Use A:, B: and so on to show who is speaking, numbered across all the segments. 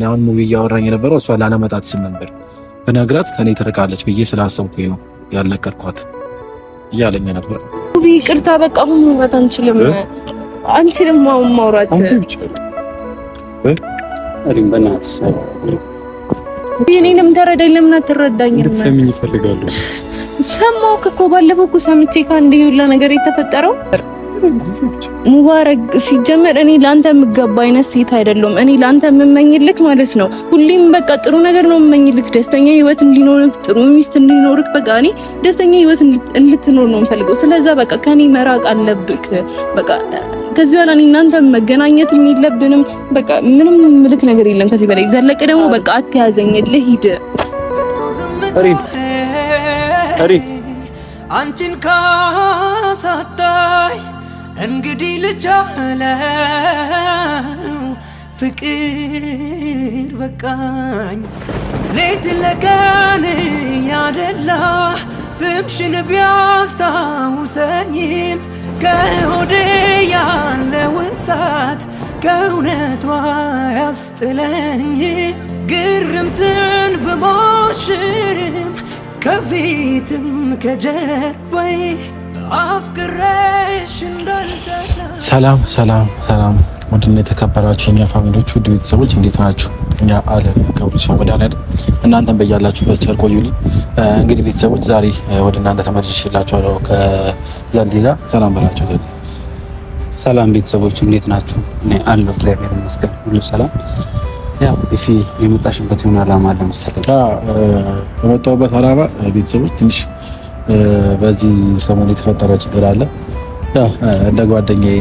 A: እኔ አሁን ሙቢ እያወራኝ የነበረው እሷ ላለመጣት ስል ነበር። ብነግራት ከእኔ ትርቃለች ብዬ ስላሰብኩኝ ነው ያልነገርኳት እያለኝ ነበር።
B: ሙቢ ቅርታ፣ በቃ አሁን መውራት አንችልም፣ አንችልም አሁን ማውራት እኔንም ተረዳኝ። ለምን አትረዳኝ?
A: ሰሚኝ ይፈልጋሉ።
B: ሰማሁህ እኮ ባለፈው እኮ ሰምቼ ከአንድ ሁላ ነገር የተፈጠረው ሙባረግ ሲጀመር እኔ ለአንተ የምገባ አይነት ሴት አይደለም እኔ ለአንተ የምመኝልክ ማለት ነው ሁሌም በቃ ጥሩ ነገር ነው የምመኝልክ፣ ደስተኛ ህይወት እንዲኖርክ፣ ጥሩ ሚስት እንዲኖርክ፣ በቃ እኔ ደስተኛ ህይወት እንድትኖር ነው የምፈልገው። ስለዛ በቃ ከኔ መራቅ አለብክ። በቃ ከዚህ በኋላ እኔ እናንተ መገናኘት የለብንም። በቃ ምንም ምልክ ነገር የለም ከዚህ በላይ ዘለቀ ደግሞ በቃ አትያዘኝ። ልሂድ
A: አንቺን ካሳጣኝ እንግዲህ ልቻለው ፍቅር በቃኝ ሌት ለቀን ያደላ ስምሽን ቢያስታውሰኝም ከሆዴ ያለው እሳት ከእውነቷ ያስጥለኝ ግርምትን በማሽርም ከፊትም ከጀርባዬ አፍቅሬ ሰላም ሰላም ሰላም፣ ውድና የተከበራችሁ የኛ ፋሚሊዎች ውድ ቤተሰቦች እንዴት ናችሁ? እኛ አለን ከብሩ ሰው ወዳለ እናንተን በያላችሁበት ቸር ቆዩልኝ። እንግዲህ ቤተሰቦች ዛሬ ወደ እናንተ ተመልሼላችኋለሁ ከዘልዴ ጋር ሰላም በላቸው። ዘ ሰላም ቤተሰቦች እንዴት ናችሁ? እኔ አለሁ እግዚአብሔር ይመስገን ሁሉ ሰላም። ያው ኢፊ የመጣሽበት የሆነ አላማ አለ መሰለኝ። የመጣሁበት አላማ ቤተሰቦች ትንሽ በዚህ ሰሞን የተፈጠረ ችግር አለ እንደ ጓደኛዬ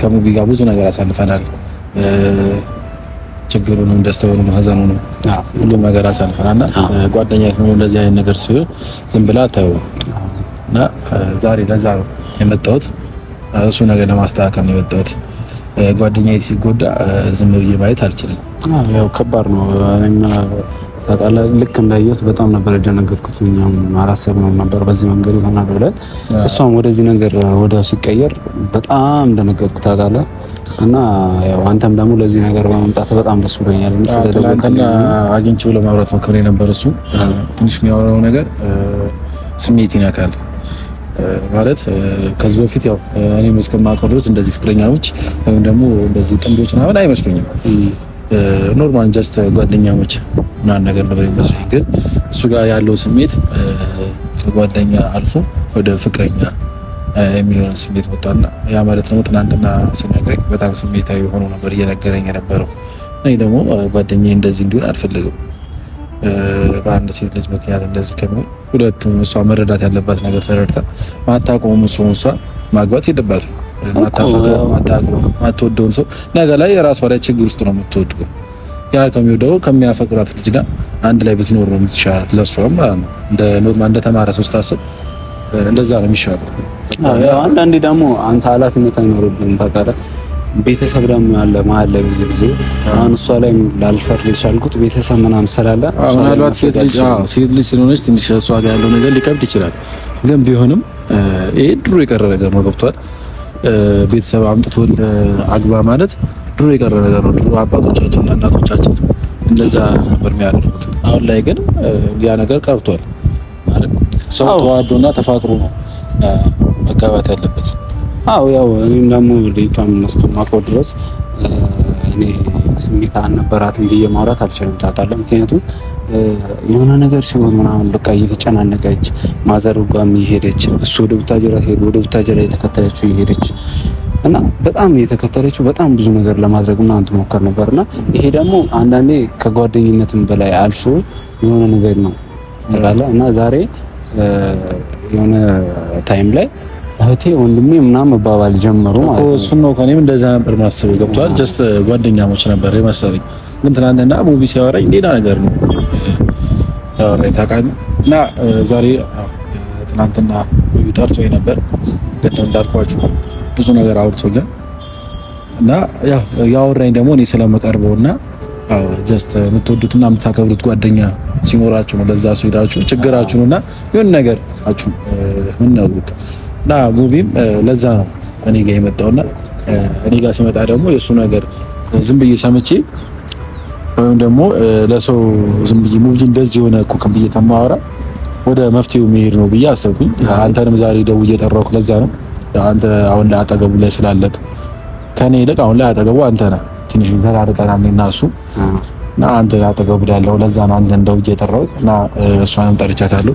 A: ከሙቢ ጋር ብዙ ነገር አሳልፈናል። ችግሩንም ደስታውንም ሐዘኑንም ሁሉም ነገር አሳልፈናልና ጓደኛ ከሆነ እንደዚህ አይነት ነገር ሲሆን ዝም ብላ አታየውም። እና ዛሬ ለዛ ነው የመጣሁት፣ እሱ ነገር ለማስተካከል ነው የመጣሁት። ጓደኛዬ ሲጎዳ ዝም ብዬ ማየት አልችልም። ያው ከባድ ነው። ታውቃለህ ልክ እንዳየሁት በጣም ነበር የደነገጥኩት። እኛም አላሰብነው ነበር በዚህ መንገድ ይሆናል ብለን። እሷም ወደዚህ ነገር ወዲያው ሲቀየር በጣም ደነገጥኩ ታውቃለህ። እና ያው አንተም ደግሞ ለዚህ ነገር በመምጣት በጣም ደስ ብሎኛል። ስለተለቀና አግኝቼው ለማውራት ሞክሬ ነበር። እሱ ትንሽ የሚያወራው ነገር ስሜት ይነካል ማለት ከዚህ በፊት ያው እኔም እስከማውቀው ድረስ እንደዚህ ፍቅረኛዎች ወይም ደግሞ እንደዚህ ጥንዶች ምናምን አይመስሉኝም ኖርማል ጀስት ጓደኛሞች ምናምን ነገር ነበር የሚመስለኝ። ግን እሱ ጋር ያለው ስሜት ከጓደኛ አልፎ ወደ ፍቅረኛ የሚሆን ስሜት መጣና ያ ማለት ደግሞ ትናንትና ሲነግረኝ በጣም ስሜታዊ ሆኖ ነበር እየነገረኝ የነበረው። እኔ ደግሞ ጓደኛ እንደዚህ እንዲሆን አልፈልግም። በአንድ ሴት ልጅ ምክንያት እንደዚህ ከሚሆን ሁለቱም እሷ መረዳት ያለባት ነገር ተረድታ ማታቆሙ እሷ ማግባት የለባትም። ማታፈቅረው ማታግረው ማትወደውን ሰው ነገ ላይ የራሷ ላይ ችግር ውስጥ ነው የምትወድቀው። ያ ከሚወደው ከሚያፈቅራት ልጅ ጋር አንድ ላይ ብትኖር ነው የምትሻላት፣ ለሷም ማለት ነው። እንደ ኖርማ እንደ ተማረ ሰው ስታስብ እንደዛ ነው የሚሻለው። አንዳንዴ ደግሞ አንተ ኃላፊነት አይኖርብህም ታውቃለህ። ቤተሰብ ደግሞ ያለ መሀል ላይ ብዙ ጊዜ አሁን እሷ ላይ ላልፈርድ የቻልኩት ቤተሰብ ምናምን ስላለ ምናልባት ሴት ልጅ ስለሆነች ትንሽ እሷ ጋር ያለው ነገር ሊከብድ ይችላል ግን ቢሆንም ይሄ ድሮ የቀረ ነገር ነው። ገብቷል። ቤተሰብ አምጥቶ አግባ ማለት ድሮ የቀረ ነገር ነው። ድሮ አባቶቻችንና እናቶቻችን እንደዛ ነበር የሚያደርጉት። አሁን ላይ ግን ያ ነገር ቀርቷል። ሰው ተዋዶና ተፋቅሮ ነው መጋባት ያለበት። አዎ ያው እኔም ደግሞ ልጅቷን እስከማውቀው ድረስ እኔ ስሜት አልነበራትም ብዬ ማውራት አልችልም ታውቃለህ። ምክንያቱም የሆነ ነገር ሲሆን ምናምን በቃ እየተጨናነቀች ማዘር ጓም የሄደች እሱ ወደ ቡታጀራ ሲሄድ ወደ ቡታጀራ የተከተለችው የሄደች እና በጣም የተከተለችው በጣም ብዙ ነገር ለማድረግ ምናምን ትሞከር ነበር እና ይሄ ደግሞ አንዳንዴ ከጓደኝነትም በላይ አልፎ የሆነ ነገር ነው እና ዛሬ የሆነ ታይም ላይ እህቴ ወንድሜ ምናምን መባባል ጀመሩ ማለት ነው። እሱ ነው ከኔም እንደዛ ነበር ማስበው ገብቷል። ጀስት uh, ጓደኛሞች ነበር የመሰለኝ። ግን ትናንትና ሙቪ ሲያወራኝ ሌላ ነገር ነው ያወራኝ ታውቃለህ። እና uh, ዛሬ uh, ትናንትና ሙቪ ጠርቶኝ ነበር። ግን እንዳልኳችሁ ብዙ ነገር አውርቶኛል። እና ያው ያወራኝ ደግሞ እኔ ስለምቀርበውና ጀስት የምትወዱትና የምታከብሩት ጓደኛ ሲኖራችሁ ነው ለዛ ሲሄዳችሁ ችግራችሁንና የሆነ ነገር አችሁ ምን እና ሙቪም ለዛ ነው እኔ ጋር የመጣውና እኔ ጋር ሲመጣ ደግሞ የእሱ ነገር ዝም ብዬ ሰምቼ ወይም ደግሞ ለሰው ዝም ብዬ ሙቪ እንደዚህ የሆነ እኮ ብዬ ከማወራ ወደ መፍትሄው መሄድ ነው ብዬ አሰብኩኝ። አንተንም ዛሬ ደውዬ እየጠራሁ ለዛ ነው አንተ አሁን ላይ አጠገቡ ላይ ስላለህ ከኔ ይልቅ አሁን ላይ አጠገቡ አንተ ነህ። ትንሽ ተራርቀናል እኔና እሱ እና አንተ አጠገቡ ላይ ያለው ለዛ ነው አንተ እንደው ጠራሁህ እና እሷንም ጠርቻታለሁ።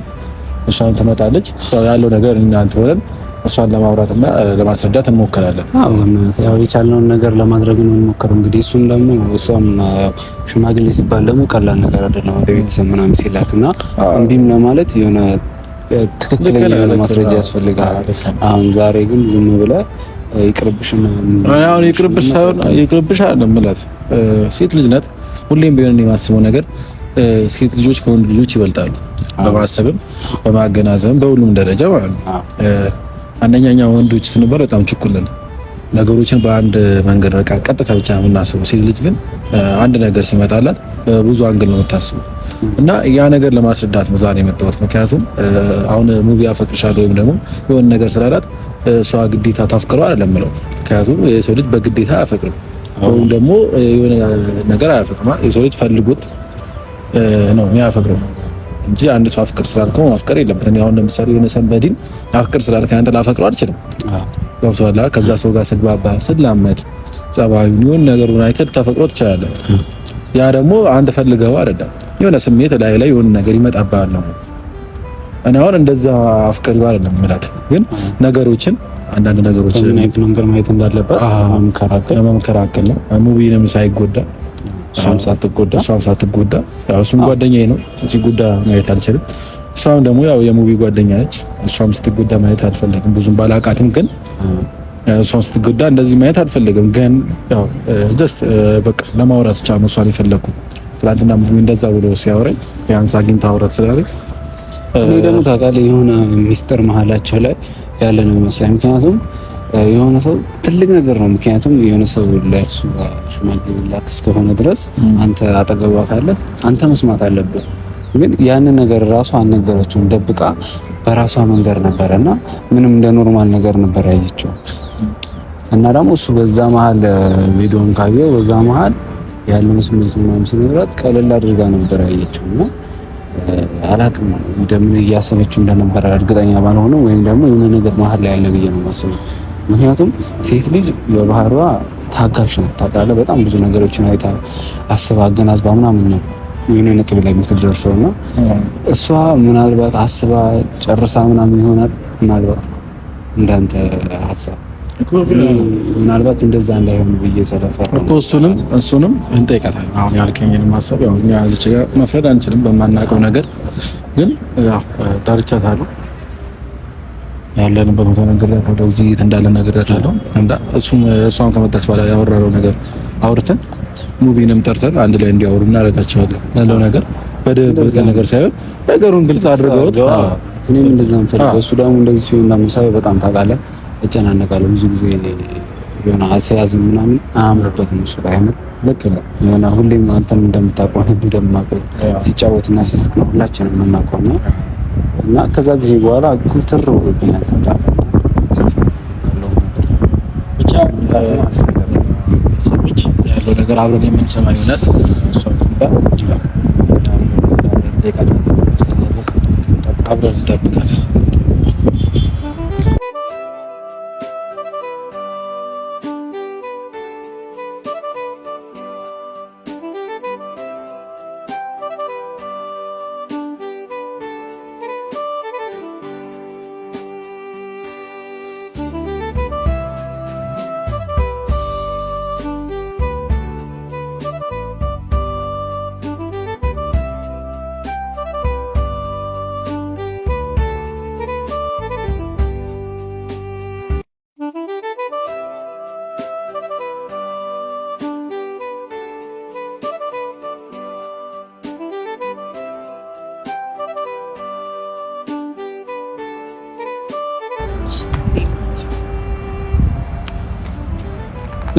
A: እሷን ትመጣለች። ያለው ነገር እናንተ ሆነን እሷን ለማውራትና ለማስረዳት እንሞክራለን። ያው የቻልነውን ነገር ለማድረግ ነው እንሞክረው። እንግዲህ እሱም ደግሞ እሷም ሽማግሌ ሲባል ደግሞ ቀላል ነገር አይደለም። ወደ ቤተሰብ ምናምን ሲላክ እና እምቢም ለማለት የሆነ ትክክለኛ የሆነ ማስረጃ ያስፈልጋል። አሁን ዛሬ ግን ዝም ብለ ይቅርብሽ ምናምን ይቅርብሽ ሳይሆን ይቅርብሽ አይደለም ማለት ሴት ልጅ ናት። ሁሌም ቢሆን የማስበው ነገር ሴት ልጆች ከወንድ ልጆች ይበልጣሉ። በማሰብም በማገናዘብም በሁሉም ደረጃ ማለት ነው። አንደኛኛ ወንዶች ስንባል በጣም ችኩልን ነገሮችን በአንድ መንገድ በቃ ቀጥታ ብቻ የምናስበው፣ ሴት ልጅ ግን አንድ ነገር ሲመጣላት በብዙ አንግል ነው የምታስበው እና ያ ነገር ለማስረዳት ነው ዛሬ የመጣሁት። ምክንያቱም አሁን ሙቪ አፈቅርሻለሁ ወይም ደግሞ የሆነ ነገር ስላላት እሷ ግዴታ ታፍቅረው አይደለም የምለው። ምክንያቱም የሰው ልጅ በግዴታ አያፈቅርም ወይም ደግሞ የሆነ ነገር አያፈቅርም። የሰው ልጅ ፈልጎት ነው የሚያፈቅረው እንጂ አንድ ሰው አፍቅር ስላልከው ማፍቀር የለበት። እኔ አሁን ለምሳሌ የሆነ ሰንበዲን አፍቅር ስላልከኝ አንተ ላፈቅረው አልችልም። ገብቶሃል። ከዛ ሰው ጋር ስግባባ ስላመድ ጸባዩን ይሁን ነገሩን አይተህ ልታፈቅረው ትችላለህ። ያ ደግሞ አንተ ፈልገው አይደለም፣ የሆነ ስሜት ላይ ላይ የሆነ ነገር ይመጣብሃል ነው። እኔ አሁን እንደዛ አፍቅር አይደለም የምላት፣ ግን ነገሮችን አንዳንድ ነገሮችን መንገድ ማየት እንዳለበት መምከራከል ነው ሙቢንም ሳይጎዳ እሷም ሳትጎዳ እሷም ሳትጎዳ ያው እሱም ጓደኛዬ ነው ሲጎዳ ማየት አልችልም። እሷም ደግሞ ያው የሙቪ ጓደኛ ነች። እሷም ስትጎዳ ማየት አልፈለግም። ብዙም ባላቃትም ግን እሷም ስትጎዳ እንደዚህ ማየት አልፈለግም። ግን ያው ጀስት በቃ ለማውራት ብቻ ነው እሷን የፈለግኩት። ትናንትና ሙቪ እንደዛ ብሎ ሲያወራኝ ቢያንስ አግኝታ አውራት ስላለኝ እኔ ደግሞ ታውቃለህ የሆነ ሚስጥር መሀላቸው ላይ ያለ ነው ይመስላል ምክንያቱም የሆነ ሰው ትልቅ ነገር ነው። ምክንያቱም የሆነ ሰው ለሱ ሽማግሌ ላክ እስከሆነ ድረስ አንተ አጠገቧ ካለ አንተ መስማት አለብህ። ግን ያንን ነገር ራሷ አልነገረችውም፣ ደብቃ በራሷ መንገድ ነበረ እና ምንም እንደ ኖርማል ነገር ነበር ያየችው እና ደግሞ እሱ በዛ መሀል ቪዲዮን ካየው በዛ መሀል ያለውን ስሜት ምናምን ሲነግራት ቀለል አድርጋ ነበር ያየችው እና አላቅም እንደምን እያሰበችው እንደነበረ እርግጠኛ ባልሆነ ወይም ደግሞ የሆነ ነገር መሀል ላይ ያለ ብዬ ነው ማስበው። ምክንያቱም ሴት ልጅ በባህሯ ታጋሽ ናት። ታውቃለህ፣ በጣም ብዙ ነገሮችን አይታ አስባ አገናዝባ ምናምን ነው የሆነ ነጥብ ላይ የምትደርሰው እና እሷ ምናልባት አስባ ጨርሳ ምናምን ይሆናል ምናልባት እንዳንተ ሀሳብ ምናልባት እንደዛ እንዳይሆን ብዬ ስለፈራ እኮ እሱንም እሱንም እንጠይቃታለን። አሁን ያልከኝን ማሰብ ያው እኛ እዚች ጋር መፍረድ አንችልም በማናውቀው ነገር ግን ያው ዳርቻ ታሉ ያለንበት ቦታ ነግሬያታለሁ። እዚህ የት እንዳለ ነግሬያታለሁ። እሱም እሷን ከመጣች በኋላ ያወራነው ነገር አውርተን ሙቪንም ጠርተን አንድ ላይ እንዲያወሩ እናደርጋቸዋለን። ያለው ነገር በደበቀ ነገር ሳይሆን ነገሩን ግልጽ አድርገውት እኔም እንደዛ እንፈልገው እሱ ደግሞ እንደዚህ ሲሆን ደግሞ ሳይ በጣም ታውቃለህ፣ እጨናነቃለሁ ብዙ ጊዜ የሆነ አስያዝ ምናምን አያምርበትም ነው ላይ አይነት ልክ ነው። የሆነ ሁሌም አንተም እንደምታውቀው እንደማውቀው ሲጫወትና ሲስቅ ነው ሁላችንም የምናውቀው እና ከዛ ጊዜ በኋላ ኩልትር ብሎብኛል። ብቻ ቤተሰቦች ያለው ነገር አብረን የምንሰማ ይሆናል። አብረን እንጠብቃት።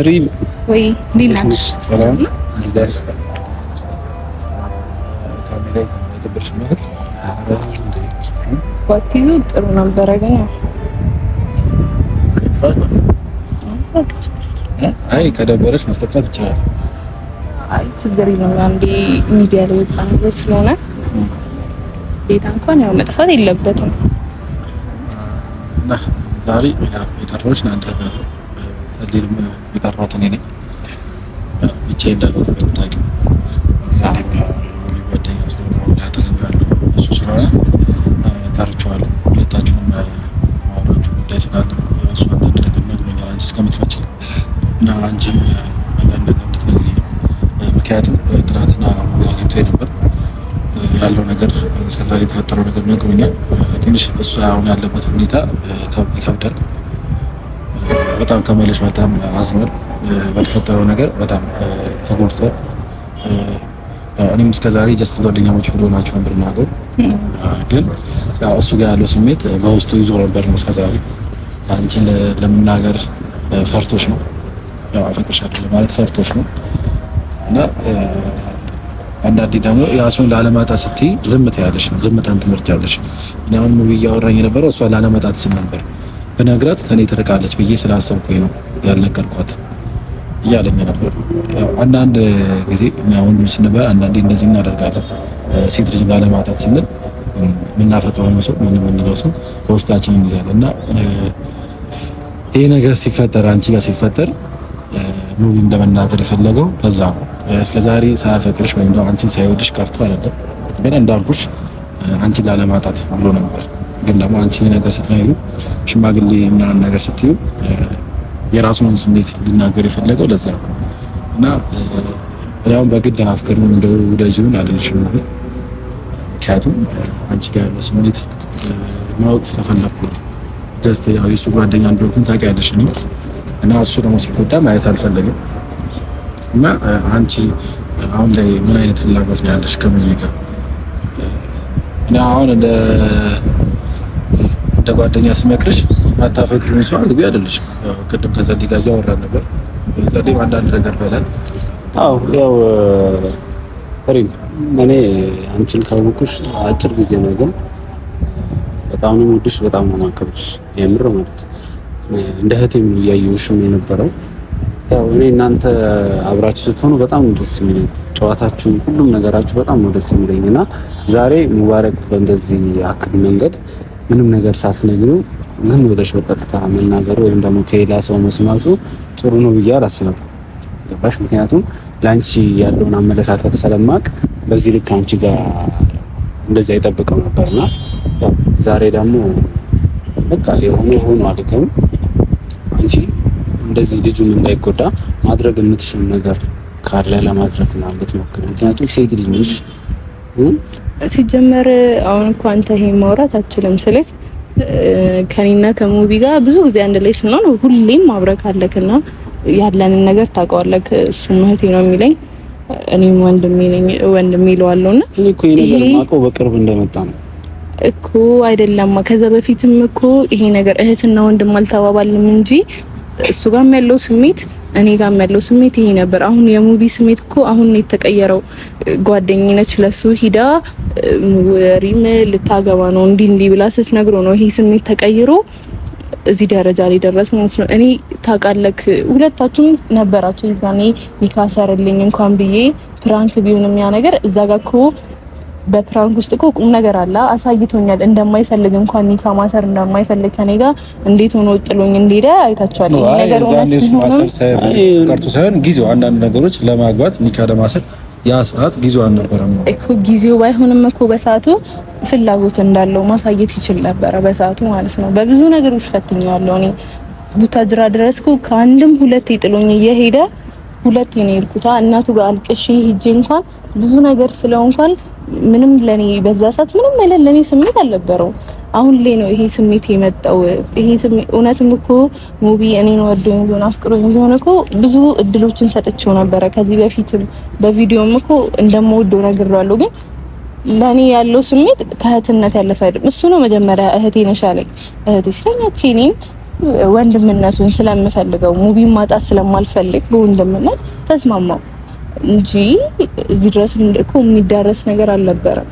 A: ሪም ወይ ባትይዙ ጥሩ ነበረ። ግን አይ ከደበረች ማስጠጣት ይቻላል። አይ ችግር የለም። አንዴ ሚዲያ ላይ ወጣ ነገር ስለሆነ ቤታ እንኳን ያው መጥፋት የለበትም። ዛሬ ቤተሮች ናደረጋለሁ ጸልይም የጠራሁት እኔ ነኝ። ብቻዬን እንዳልሆነ በምታውቂው ጸልይም ጓደኛ ስለሆነ አሁን ላይ አጠገብ ያለው እሱ ስለሆነ ጠርቼዋለሁ። ሁለታችሁንም ማወራችሁ ጉዳይ ስላለ ነው። እሱ አንዳንድ ነገር ነግሮኛል፣ አንቺ እስከምትመጪ እና አንቺም አንዳንድ ነገር እንድትነግሪኝ ነው። ምክንያቱም ትናንትና አግኝቶ ነበር ያለው ነገር እስከዛሬ የተፈጠረው ነገር ነግሮኛል። ትንሽ እሱ አሁን ያለበት ሁኔታ ይከብዳል። በጣም ከመለሽ በጣም አዝኗል። በተፈጠረው ነገር በጣም ተጎድቷል። እኔም እስከዛሬ ጀስት ጓደኛሞች እንደሆናችሁ ነበር የማውቀው፣ ግን ያው እሱ ጋር ያለው ስሜት በውስጡ ይዞ ነበር ነው እስከዛሬ። አንቺን ለመናገር ፈርቶች ነው ያው አፈቅርሻለሁ ማለት ፈርቶች ነው እና አንዳንዴ ደግሞ ያሱን ላለማጣት ስትይ ዝምታ ያለሽ ዝምታን ትምህርት ያለሽ እኔ አሁን ሙቪ እያወራኝ የነበረው እሷ ላለማጣት ስል ነበር ብነግራት ከኔ ትርቃለች ብዬ ስላሰብኩኝ ነው ያልነገርኳት እያለኝ ነበር። አንዳንድ ጊዜ ወንዶች ስንባል አንዳንዴ እንደዚህ እናደርጋለን። ሴት ልጅ ላለማጣት ስንል የምናፈጥረው ሰው ምን የምንለው ሰው በውስጣችን እንይዛለን እና ይህ ነገር ሲፈጠር አንቺ ጋር ሲፈጠር ሙሉ እንደመናገር የፈለገው ለዛ ነው። እስከዛሬ ሳያፈቅርሽ ወይም አንቺን ሳይወድሽ ቀርቶ አይደለም፣ ግን እንዳልኩሽ አንቺን ላለማጣት ብሎ ነበር። ግን ደግሞ አንቺ ነገር ስትነግሪ ሽማግሌ ምናምን ነገር ስትዩ የራሱን ስሜት ሊናገር የፈለገው ለዛ ነው እና እኔም በግድ አፍቅር ነው እንደው ወደጂውን አድርሽው። ምክንያቱም አንቺ ጋር ያለ ስሜት ማወቅ ስለፈለኩ ደስተ ያው የሱ ጓደኛ እንደሆንኩኝ ታውቂያለሽ ነው እና እሱ ደግሞ ሲጎዳ ማየት አልፈለግም እና አንቺ አሁን ላይ ምን አይነት ፍላጎት ነው ያለሽ ከምን ጋር እና አሁን እንደ እንደ ጓደኛ ስመክርሽ ማታፈቅሪውን ሰው አግቢ አይደለሽም። ያው ቅድም ከጸዴ ጋር እያወራን ነበር። ጸዴም አንዳንድ ነገር በላት። አዎ ያው ፍሬም፣ እኔ አንቺን ካወቅኩሽ አጭር ጊዜ ነው፣ ግን በጣም ነው የምወድሽ፣ በጣም ነው የማከብርሽ። የምር ማለት እንደ እህቴም ነው እያየሁሽም የነበረው። ያው እኔ እናንተ አብራችሁ ስትሆኑ በጣም ደስ የሚለኝ ጨዋታችሁ፣ ሁሉም ነገራችሁ በጣም ነው ደስ የሚለኝና ዛሬ ሙባረክ በእንደዚህ አክል መንገድ ምንም ነገር ሳትነግሩ ዝም ብለሽ በቀጥታ መናገሩ ወይም ደግሞ ከሌላ ሰው መስማቱ ጥሩ ነው ብዬ አላስብም። ገባሽ? ምክንያቱም ለአንቺ ያለውን አመለካከት ስለማቅ በዚህ ልክ አንቺ ጋር እንደዚ አይጠብቀው ነበርና ዛሬ ደግሞ በቃ የሆነ ሆኖ አልገም አንቺ እንደዚህ ልጁም እንዳይጎዳ ማድረግ የምትሽን ነገር ካለ ለማድረግ ምናምን ብትሞክር፣ ምክንያቱም ሴት ልጅ ነሽ ሲጀመር አሁን እኮ አንተ ይሄን ማውራት አትችልም ስልክ ከኔና ከሙቢ ጋር ብዙ ጊዜ አንድ ላይ ስንሆን ሁሌም አብረክ አለክና ያለንን ነገር ታውቀዋለክ። እሱ እህቴ ነው የሚለኝ እኔም ወንድሜ ነኝ ወንድሜ ይለዋለውና እኮ ይሄ ነገር የማውቀው በቅርብ እንደመጣ ነው እኮ አይደለም። ከዛ በፊትም እኮ ይሄ ነገር እህትና ወንድም አልተባባልም እንጂ እሱ ጋም ያለው ስሜት እኔ ጋም ያለው ስሜት ይሄ ነበር። አሁን የሙቢ ስሜት እኮ አሁን የተቀየረው ጓደኝነች ለሱ ሂዳ ወሪም ልታገባ ነው እንዲ እንዲ ብላ ስትነግሮ ነው ይሄ ስሜት ተቀይሮ እዚህ ደረጃ ላይ ደረስ ማለት ነው። እኔ ታውቃለህ፣ ሁለታችሁም ነበራችሁ ይዛኔ ኒካ እንኳን ብዬ ፕራንክ ቢሆንም ያ ነገር እዛ ጋር እኮ በፕራንክ ውስጥ እኮ ቁም ነገር አለ። አሳይቶኛል እንደማይፈልግ እንኳን ኒካ ማሰር እንደማይፈልግ ከኔ ጋር እንዴት ሆኖ ጥሎኝ እንደሄደ አይታችኋል። ነገር ሆነ ማሰር ቀርቶ ሳይሆን ጊዜው አንዳንድ ነገሮች ለማግባት ኒካ ለማሰር ያ ሰዓት ጊዜው አልነበረም እኮ። ጊዜው ባይሆንም እኮ በሰዓቱ ፍላጎት እንዳለው ማሳየት ይችል ነበረ፣ በሰዓቱ ማለት ነው። በብዙ ነገሮች ፈትኛለሁ እኔ ቡታጅራ ድረስ እኮ ከአንድም ሁለቴ ጥሎኝ እየሄደ ሁለቴ ነው የሄድኩት። እናቱ ጋር አልቅሽ ሂጄ እንኳን ብዙ ነገር ስለው እንኳን ምንም ለኔ በዛ ሰዓት ምንም አይነት ለኔ ስሜት አልነበረው። አሁን ላይ ነው ይሄ ስሜት የመጣው። ይሄ ስሜት እውነትም እኮ ሙቢ እኔን ወዶኝ ቢሆን አፍቅሮኝ ቢሆን እኮ ብዙ እድሎችን ሰጥቼው ነበረ። ከዚህ በፊትም በቪዲዮም እኮ እንደምወደው ነግሬዋለሁ። ግን ለኔ ያለው ስሜት ከእህትነት ያለፈ አይደለም። እሱ ነው። መጀመሪያ እህቴ ነሽ አለኝ። እህቴ ስለኛች ወንድምነቱን ስለምፈልገው ሙቢ ማጣት ስለማልፈልግ በወንድምነት ተስማማው። እንጂ እዚህ ድረስ እኮ የሚዳረስ ነገር አልነበረም።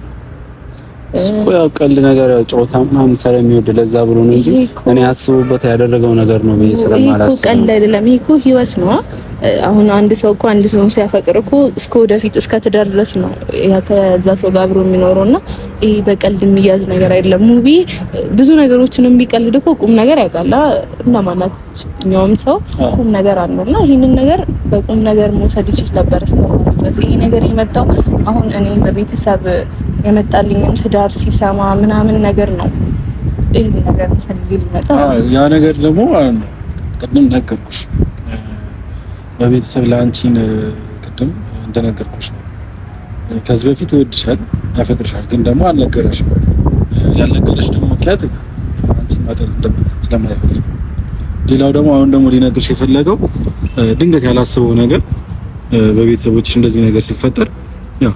A: እኮ ያው ቀልድ ነገር ያው ጨዋታ ምናምን ስለሚወድ ለዛ ብሎ ነው እንጂ እኔ አስቡበት ያደረገው ነገር ነው ብዬ ስለማላስብ ቀልድ አይደለም። ይሄ እኮ ህይወት ነው። አሁን አንድ ሰው እኮ አንድ ሰው ሲያፈቅር እኮ እስከ ወደፊት እስከ ትዳር ድረስ ነው ያ ከዛ ሰው ጋር አብሮ የሚኖረውና ይሄ በቀልድ የሚያዝ ነገር አይደለም። ሙቪ ብዙ ነገሮችን የሚቀልድ እኮ ቁም ነገር ያውቃል። እንደማናኛውም ሰው ቁም ነገር አለውና ይህንን ነገር በቁም ነገር መውሰድ ይችል ነበር እስከ ድረስ። ይሄ ነገር የመጣው አሁን እኔ በቤተሰብ የመጣልኝን ትዳር ሲሰማ ምናምን ነገር ነው። ይሄን ነገር ፈልጌ ሊመጣ ያ ነገር ደግሞ ቅድም ነገርኩሽ በቤተሰብ ለአንቺን ቅድም እንደነገርኩሽ ነው። ከዚህ በፊት ይወድሻል፣ ያፈቅርሻል፣ ግን ደግሞ አልነገረሽም። ያልነገረሽ ደግሞ ምክንያት አንቺን ማጣት ስለማይፈልግ፣ ሌላው ደግሞ አሁን ደግሞ ሊነግርሽ የፈለገው ድንገት ያላስበው ነገር በቤተሰቦች እንደዚህ ነገር ሲፈጠር ያው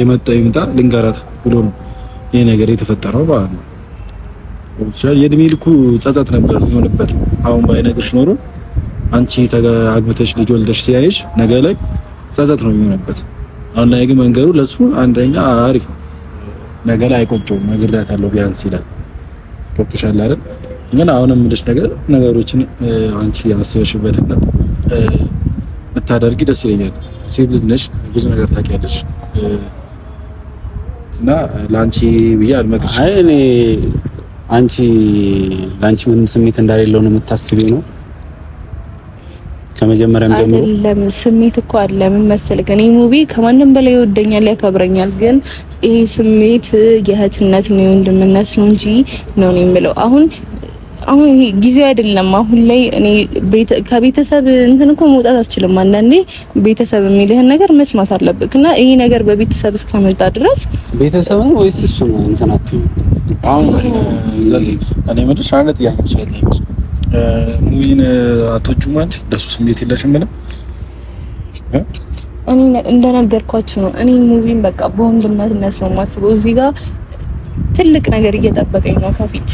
A: የመጣ ይምጣ ልንገራት ብሎ ነው ይሄ ነገር የተፈጠረው ማለት ነው። የእድሜ ልኩ ጸጸት ነበር ይሆንበት አሁን ባይነግርሽ ኖሮ አንቺ አግብተሽ ልጅ ወልደሽ ሲያይሽ ነገ ላይ ጸጸት ነው የሚሆነበት። አሁን ላይ ግን መንገሩ ለሱ አንደኛ አሪፍ ነገ ላይ አይቆጨውም። አለው ቢያንስ ይላል። ገብቶሻል አይደል? ግን አሁን የምልሽ ነገር ነገሮችን አንቺ ያስበሽበትና ብታደርጊ ደስ ይለኛል። ሴት ልጅ ነሽ፣ ብዙ ነገር ታውቂያለሽ እና ለአንቺ ብዬ አልመክርሽም። አይ እኔ አንቺ ለአንቺ ምንም ስሜት እንዳሌለው ነው የምታስቢው ነው ከመጀመሪያም ጀምሮ አይደለም። ስሜት እኮ አለ። ምን መሰለህ ግን ይሄ ሙቪ ከማንም በላይ ይወደኛል፣ ያከብረኛል። ግን ይሄ ስሜት የእህትነት ነው የወንድምነት ነው እንጂ ነው ነው የምለው አሁን አሁን ይሄ ጊዜው አይደለም። አሁን ላይ እኔ ቤተ ከቤተሰብ እንትን እኮ መውጣት አልችልም። አንዳንዴ ቤተሰብ የሚልህን ነገር መስማት አለብህ እና ይሄ ነገር በቤተሰብ እስከመጣ ድረስ ቤተሰብ ነው ወይስ እሱ ነው? እንትን አትይው። አሁን ለሊ እኔ የምልሽ አንድ ጥያቄ ብቻ ሙቪን አትወጪውም አንቺ? ለሱ ስሜት የለሽም ምንም? እኔ እንደነገርኳችሁ ነው። እኔ ሙቪን በቃ በወንድምነት ነው የማስበው። እዚህ ጋር ትልቅ ነገር እየጠበቀኝ ነው ከፊት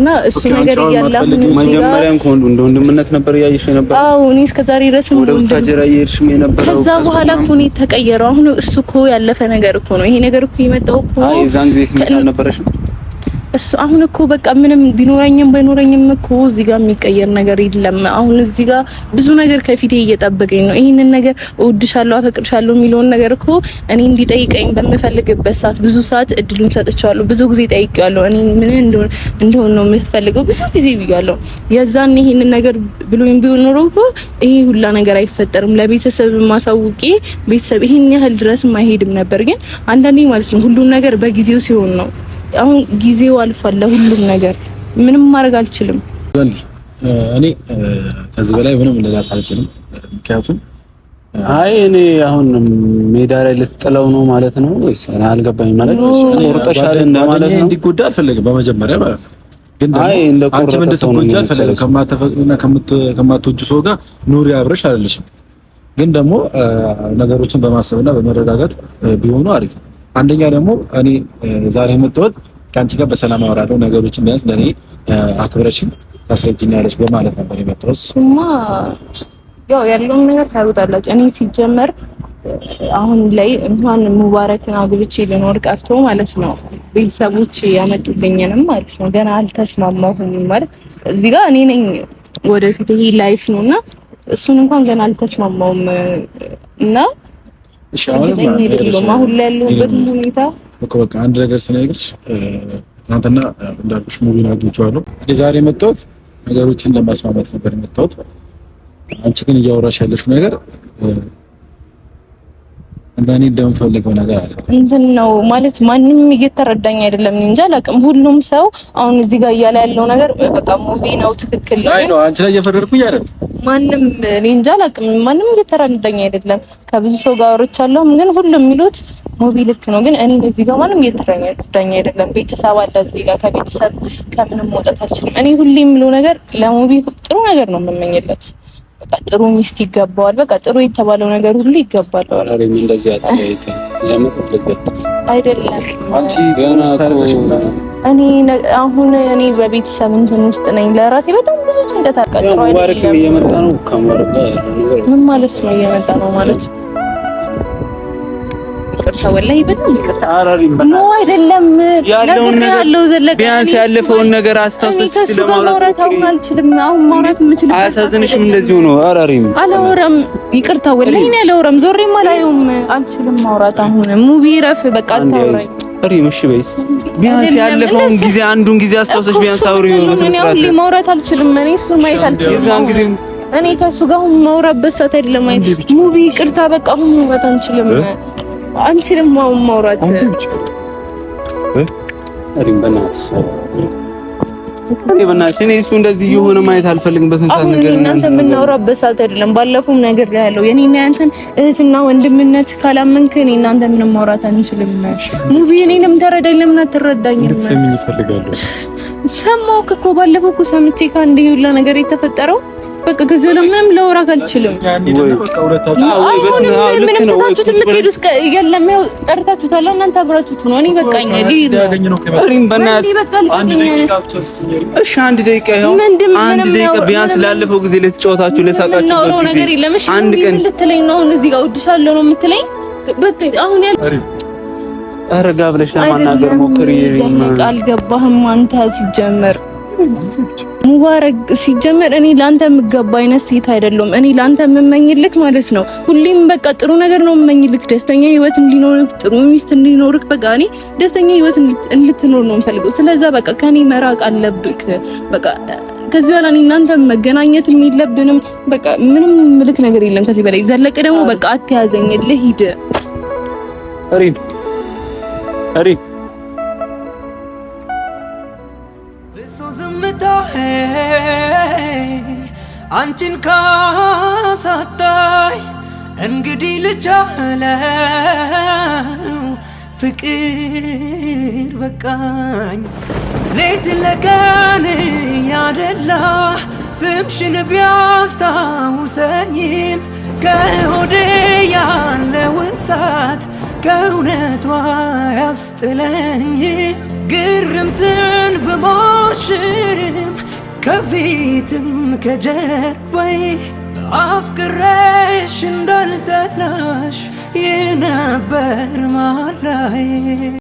A: እና እሱ ነገር እያላሁ መጀመሪያም ከወንዱ እንደ ወንድምነት ነበር እያየሽ የነበረው። አዎ እኔ እስከ ዛሬ ድረስ ወደ ወታጀራ እየሄድሽም የነበረው። ከዛ በኋላ እኮ እኔ ተቀየረው። አሁን እሱ እኮ ያለፈ ነገር እኮ ነው። ይሄ ነገር እኮ የመጣው እኮ የዛን ጊዜ ስሜት አልነበረሽም እሱ አሁን እኮ በቃ ምንም ቢኖረኝም ባይኖረኝም እኮ እዚህ ጋር የሚቀየር ነገር የለም። አሁን እዚህ ጋር ብዙ ነገር ከፊቴ እየጠበቀኝ ነው። ይህንን ነገር እወድሻለሁ፣ አፈቅርሻለሁ የሚለውን ነገር እኮ እኔ እንዲጠይቀኝ በምፈልግበት ሰዓት ብዙ ሰዓት እድሉን ሰጥቼዋለሁ። ብዙ ጊዜ ጠይቄዋለሁ። እኔ ምን እንደሆነ እንደሆነ ነው የምፈልገው ብዙ ጊዜ ብያለሁ። የዛን ይህንን ነገር ብሎኝ ቢሆን ኖሮ እኮ ይሄ ሁላ ነገር አይፈጠርም። ለቤተሰብ ማሳውቄ ቤተሰብ ይሄን ያህል ድረስ አይሄድም ነበር። ግን አንዳንዴ ማለት ነው ሁሉም ነገር በጊዜው ሲሆን ነው አሁን ጊዜው አልፏል ለሁሉም ነገር። ምንም ማድረግ አልችልም። እኔ ከዚህ በላይ ምንም ልላት አልችልም። ምክንያቱም አይ እኔ አሁን ሜዳ ላይ ልጥለው ነው ማለት ነው ወይስ እኔ አልገባኝም። ማለት ቆርጠሻል እንደማለት ነው። እንዲጎዳ አልፈለግም በመጀመሪያ ማለት ነው። ግን አይ እንደ ቆርጠሽ እንድትጎጂ አልፈለግም። ከማትፈቅድና ከማትወጁ ሰው ጋር ኑሪ አብረሽ አይደለሽም። ግን ደግሞ ነገሮችን በማሰብና በመረጋጋት ቢሆኑ አሪፍ ነው። አንደኛ ደግሞ እኔ ዛሬ የምትወጥ ከአንቺ ጋር በሰላም አወራለሁ ነገሮችን ቢያንስ ለእኔ አክብረሽን ታስረጅኛለሽ በማለት ነበር የመጣሁት እና ያው ያለውን ነገር ታውቃላችሁ። እኔ ሲጀመር አሁን ላይ እንኳን ሙባረክን አግብቼ ልኖር ቀርቶ ማለት ነው ቤተሰቦች ያመጡልኝንም ማለት ነው ገና አልተስማማሁም። ማለት እዚህ ጋር እኔ ነኝ ወደፊት ይሄ ላይፍ ነው እና እሱን እንኳን ገና አልተስማማውም እና አሁን በቃ አንድ ነገር ስነግርሽ ትናንትና እንዳልኩሽ ሙቪን አግኝቼዋለሁ። እኔ ዛሬ የመጣሁት ነገሮችን ለማስማማት ነበር የመጣሁት። አንቺ ግን እያወራሽ ያለሽው ነገር እንደኔ እንደምፈልገው ነገር አለ እንትን ነው ማለት ማንም እየተረዳኝ አይደለም። እንጃ አላውቅም። ሁሉም ሰው አሁን እዚህ ጋር እያለ ያለው ነገር በቃ ሙቪ ነው ትክክል ነው። አይ ነው አንቺ ላይ እየፈረድኩኝ አይደል? ማንም እኔ እንጃ አላውቅም። ማንም እየተረዳኝ አይደለም። ከብዙ ሰው ጋር አውርቻለሁ፣ ግን ሁሉም የሚሉት ሙቪ ልክ ነው። ግን እኔ እዚህ ጋር ማንም እየተረዳኝ አይደለም። ቤተሰብ አለ እዚህ ጋር። ከቤተሰብ ከምንም መውጣት አልችልም። እኔ ሁሌ የምለው ነገር ለሙቪ ጥሩ ነገር ነው የምመኝለት በቃ ጥሩ ሚስት ይገባዋል። በቃ ጥሩ የተባለው ነገር ሁሉ ይገባል። አራሪም እንደዚህ አትለይት። ለምን እንደዚህ አይደለም? አንቺ ገና እኔ አሁን እኔ በቤተሰብ እንትን ውስጥ ነኝ። ለራሴ በጣም ብዙ ጭንቀት አቃጥረዋል። ሙባረክም እየመጣ ነው። ከማረጋ ምን ማለት ነው? እየመጣ ነው ማለት ነው ይቅርታ፣ ወላሂ በጣም ይቅርታ። ነው አይደለም ያለው ዘለቀ ቢያንስ ያለፈውን ነገር አስታውሰሽ ስለማውራት አልችልም። አሁን ማውራት የምችልበት አያሳዝንሽም? እንደዚሁ ነው። አራሪም አላወራም። ይቅርታ፣ ወላሂ እኔ አላወራም። ዞሬም አላየውም። አልችልም ማውራት አሁን። ሙቢ ረፍ፣ በቃ አታውራኝ። ሪም እሺ በይስ ቢያንስ ያለፈውን ጊዜ አንዱን ጊዜ አስታውሰሽ ቢያንስ አውሪው። በስነ ስርዓት ማውራት አልችልም እኔ እሱን ማየት አልችልም። እኔ ከሱ ጋር ማውራበት ሰዓት አይደለም። ሙቢ ይቅርታ፣ በቃ አሁን ማውራት አንችልም። አንቺንም ማውራት እኔ እሱ እንደዚህ የሆነ ማየት አልፈልግም። በሰንሳት ነገር እናንተ የምናወራበት ሰዓት አይደለም። ባለፈውም ነገር ያለው የኔ እና ያንተን እህትና ወንድምነት ካላመንክ እኔ እናንተ ምንም ማውራት አንችልም። ሙቢ እኔንም ተረዳኝ። ለምን አትረዳኝም? ሰማሁህ እኮ ባለፈው እኮ ሰምቼ ከአንድ ሁላ ነገር የተፈጠረው በቃ ከዚህ በኋላ ምንም ላወራህ አልችልም። ምንም ትታችሁት የምትሄዱ የለም። ያው ጠርታችሁታል፣ እናንተ አብራችሁት ነው። እኔ በቃኝ። አንድ ደቂቃ ይኸው አንድ ደቂቃ ቢያንስ ላለፈው ጊዜ ለተጫወታችሁ ለሳቃችሁበት ጊዜ አንድ ቀን ልትለኝ ነው። አሁን ሙባረክ ሲጀመር እኔ ላንተ የምገባ አይነት ሴት አይደለም። እኔ ላንተ የምመኝልክ ማለት ነው ሁሌም በቃ ጥሩ ነገር ነው የምመኝልክ፣ ደስተኛ ህይወት እንዲኖርክ፣ ጥሩ ሚስት እንዲኖርክ፣ በቃ እኔ ደስተኛ ህይወት እንድትኖር ነው የምፈልገው። ስለዛ በቃ ከኔ መራቅ አለብክ። በቃ ከዚህ በኋላ እኔ እናንተ መገናኘት የለብንም። በቃ ምንም ምልክ ነገር የለም ከዚህ በላይ ዘለቅ ደግሞ በቃ አትያዘኝልህ ሂድ ሪድ ሪድ ዝምታሄ አንቺን ካሳጣይ እንግዲህ ልቻለው ፍቅር በቃኝ። ሌት ለቀን ያደላ ስምሽን ቢያስታውሰኝም ከሆዴ ያለውን ሳት ከእውነቷ ያስጥለኝም ግርምትን በሞሽርም ከፊትም ከጀርባይ አፍቅሬሽ እንዳልጠላሽ የነበር ማላይ